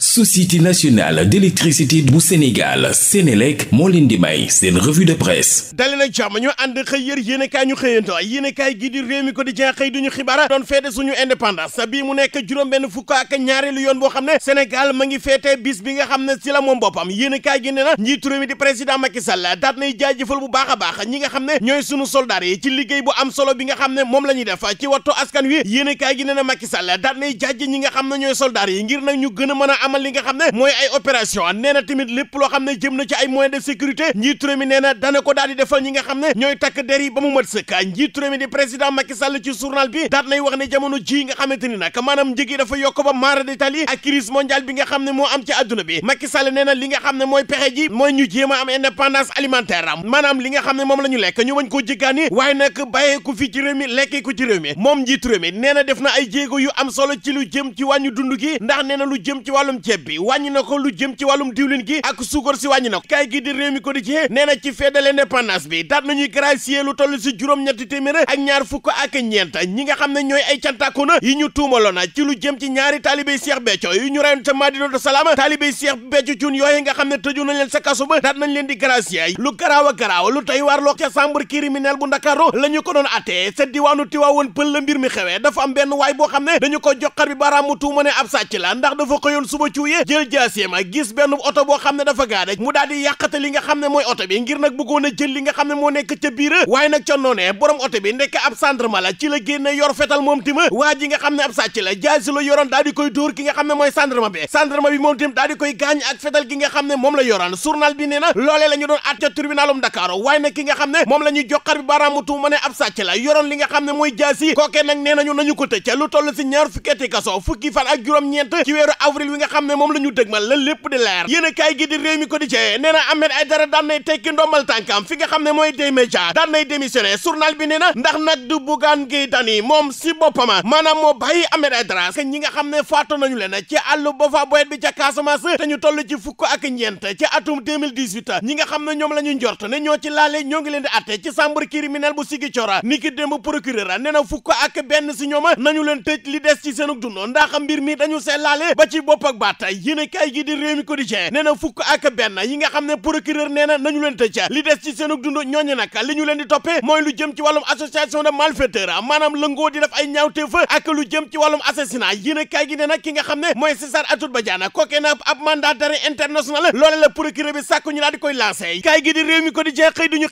société nationale d'électricité bu Sénégal Sénélec moo leen di may seen revue de presse dali nag jàmm ñu ànd xëy yër yéen kaay ñu xëyanto yéen i kaay gi di réew mi ko di jeex xëy duñu xibaar doon feete suñu indépendance bii mu nekk juróom benn fukk ak ñaareelu yoon boo xam ne Sénégal ma ngi feete bis bi nga xam ne si la moom boppam yéen i kaay gi ne na njiitu réew mi di président Macky Sall daat nay jaajëfal bu baax a baax ñi nga xam ne ñooy suñu soldats ci liggéey bu am solo bi nga xam ne moom la ñuy def ci wattu askan wi yéen i kaay gi ne na Macky Sall daat nay nga xam ne ñooy soldats yi ngir nag gën a mën a amal li nga xam ne mooy ay nee na tamit lépp xam ne jëm na ci ay moyens de sécurité njiitu réew mi nee ko daal di defal nga xam ne ñooy takk der yi mu mat sëkk njiitu président Macky Sall ci journal bi daat wax ne jamono ji nga xamante ni nag maanaam njëg yi dafa yokk ba maara détal yi bi nga xam ne moo am ci àdduna bi Macky Sall nee na nga xam ne mooy pexe ji mooy ñu jéem a am alimentaire maanaam li xam ne moom la ñu lekk ñu bañ koo jéggaani waaye nag bàyyee ko fii ci réew mi lekkee ko mi moom njiitu réew mi nee na def na ay jéego yu am solo ci lu jëm ci wàññu dund gi ndax nee na lu jëm ci wàllum wàllum ceeb bi wàññi na ko lu jëm ci wàllum diwlin gi ak suukar si wàññi na ko kaay gi di réew mi ko di jee nee na ci fête de l'indépendance bi daat nañuy gracier lu toll si juróom-ñetti téeméer ak ñaar fukk ak ñeent ñi nga xam ne ñooy ay na yi ñu tuumaloon a ci lu jëm ci ñaari taalibey Cheikh Béthio yi ñu reyoon ca Madinatu Salaam taalibey Cheikh Béthio Thioune yooyu nga xam ne tëju nañ leen sa kaso ba daat nañ leen di gracier lu garaaw a garaaw lu tey waar loo ca chambre criminelle bu Ndakaaru la ñu ko doon attee sa diwaanu Tiwaawoon pël mi xewee dafa am benn waay boo xam ne ko joxar bi baaraamu tuuma ne ab sàcc la ndax dafa xëyoon suba cuuye jël jaaseem ak gis benn oto boo xam ne dafa gaare mu daal di li nga xam ne mooy oto bi ngir nag bëggoon a jël li nga xam ne moo nekk ca biir waaye nag ca noonee borom oto bi nekk ab gendarme la ci la génne yor fetal moom tima waa ji nga xam ne ab sàcc la jaasi la yoroon daal di koy dóor ki nga xam ne moom la yoroon journal bi nee na loolee la doon at ca tribunalum Dakar waaye nag ki nga xam ne moom la ñuy joxar bi baaraamu tuuma ne la yoroon li mooy jaasi kookee nag nee nañu nañu ko tëj xam moom la ñu dëgmal la lépp di leer yéen a gi di réew mi ko di cee nee na Ahmed Aïdara daan nay tekki ndombal tànkam fi nga xam ne mooy des médias daan nay démissionné bi nee na ndax nag du Bougane Gueye Dany moom si ma maanaam moo bàyyi Ahmed Aïdara ñi nga xam ne faatu nañu leen ci àllu Boffa Bayotte bi ca Casamance te ñu toll ci fukk ak ñeent ci atum 2018 ñi nga xam ne ñoom la ñu njort ne ñoo ci laale ñoo ngi leen di atte ci chambre criminelle bu Ziguinchor ni ki démb procureur nee na fukk ak ndax mbir mi dañu see laale ba ci bopp ak baat yéen gi di Rewmi Quotidien nee na fukk ak benn yi nga xam ne procureur nee na nañu leen tëj li des ci seenug dund ñooñu nag li ñu leen di toppee mooy lu jëm ci wàllum association de malfaiteur maanaam lëngoo di def ay ñaawteef ak lu jëm ci wàllum assassinat yéen gi ne nag ki nga xam ne mooy César Atoute Badiane kooke na ab mandat international loole la procureur bi sàkku ñu daal di koy lancé kaay gi di Rewmi Quotidien xëy duñu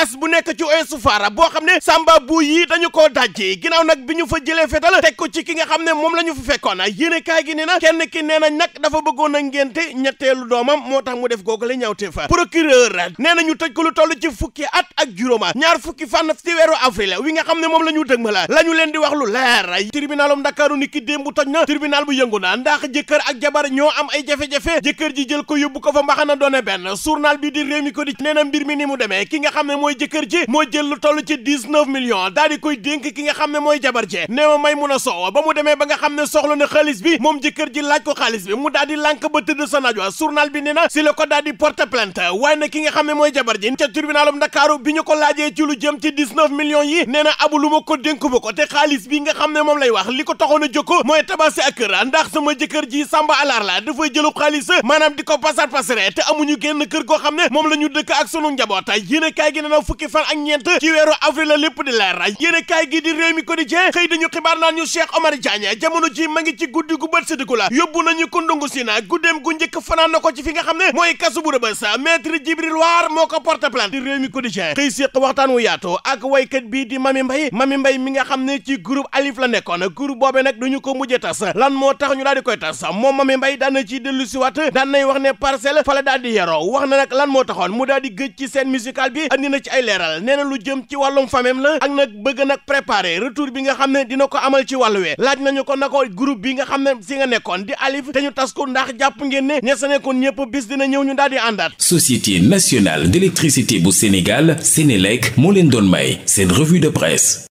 kaas bu nekk ci Ouest Foire boo xam ne Samba bu yi dañu koo dajji ginnaaw nag bi ñu fa jëlee fetal teg ko ci ki nga xam ne moom la ñu fa fekkoon yéene kaay gi nee na kenn ki nee na nag dafa bëggoon a ngénte ñetteelu doomam moo tax mu def googale ñawte fa procureur nee na ñu tëj ko lu toll ci fukki at ak juróoma ñaar fukki fànn ci weeru avril wi nga xam ne moom la ñu dëg ma la la ñu leen di wax lu leer tribunalum Ndakaaru ni ki démb bu toj na tribunal bu yëngu na ndax jëkkër ak jabar ñoo am ay jafe-jafe jëkkër ji jël ko yóbbu ko fa mbaxana doone benn journal bi di réew mi na mbir mi ni mu demee ki nga xam ne mooy jëkkër ji moo jël lu toll ci dix-neuf millions daal di koy dénk ki nga xam ne mooy jabar ji nee ma may mun a soow ba mu demee ba nga xam ne soxla ne xaalis bi moom jëkkër ji laaj ko xaalis bi mu daal di lànk ba tëdd sa naaj wa journal bi nee na si la ko daal di porte plainte waaye na ki nga xam ne mooy jabar ji ca tribunalum Ndakaaru bi ñu ko laajee ci lu jëm ci dix-neuf millions yi nee na abu lu ma ko dénk ba ko te xaalis bi nga xam ne moom lay wax li ko taxoon a jokko mooy tabaski ak kër ndax sama jëkkër ji Samba Alaar la dafay jëlu xaalis maanaam di ko pasar pasare te génn kër goo xam ne moom la ñu dëkk ak sunu njaboota yéen fukki fan ak ñeent ci weeru avril la lépp di leer yéen a kaay gi di réew mi quotidien xëy dañu xibaar naan ñu Cheikh Omar Diagne jamono ji ma ngi ci guddi gu bët sëddiku la yóbbu nañu ko ndungu si na guddeem gu njëkk fanaan na ko ci fi nga xam ne mooy kasu bu rëbës maître Djibril Waar moo ko porte plainte di réew mi quotidien xëy séq waxtaan wu yaatu ak waykat bii di Mami Mbaye Mami Mbaye mi nga xam ne ci groupe Alif la nekkoon groupe boobee nag duñu ko mujjee tas lan moo tax ñu daal di koy tas moom Mami Mbaye daan na ciy dellu wax ne parcelle fala wax na nag lan taxoon mu daal di gëj ci scène ci ay leeral nee na lu jëm ci wàllum famem la ak nag bëgg nag préparer retour bi nga xam ne dina ko amal ci wàllu laaj nañu ko na ko groupe bi nga xam ne si nga nekkoon di alif te ñu tas ko ndax jàpp ngeen ne ña sa nekkoon ñëpp bis dina ñëw ñu daal di àndaat société nationale d'électricité bu Sénégal Sénélec moo leen doon may seen revue de presse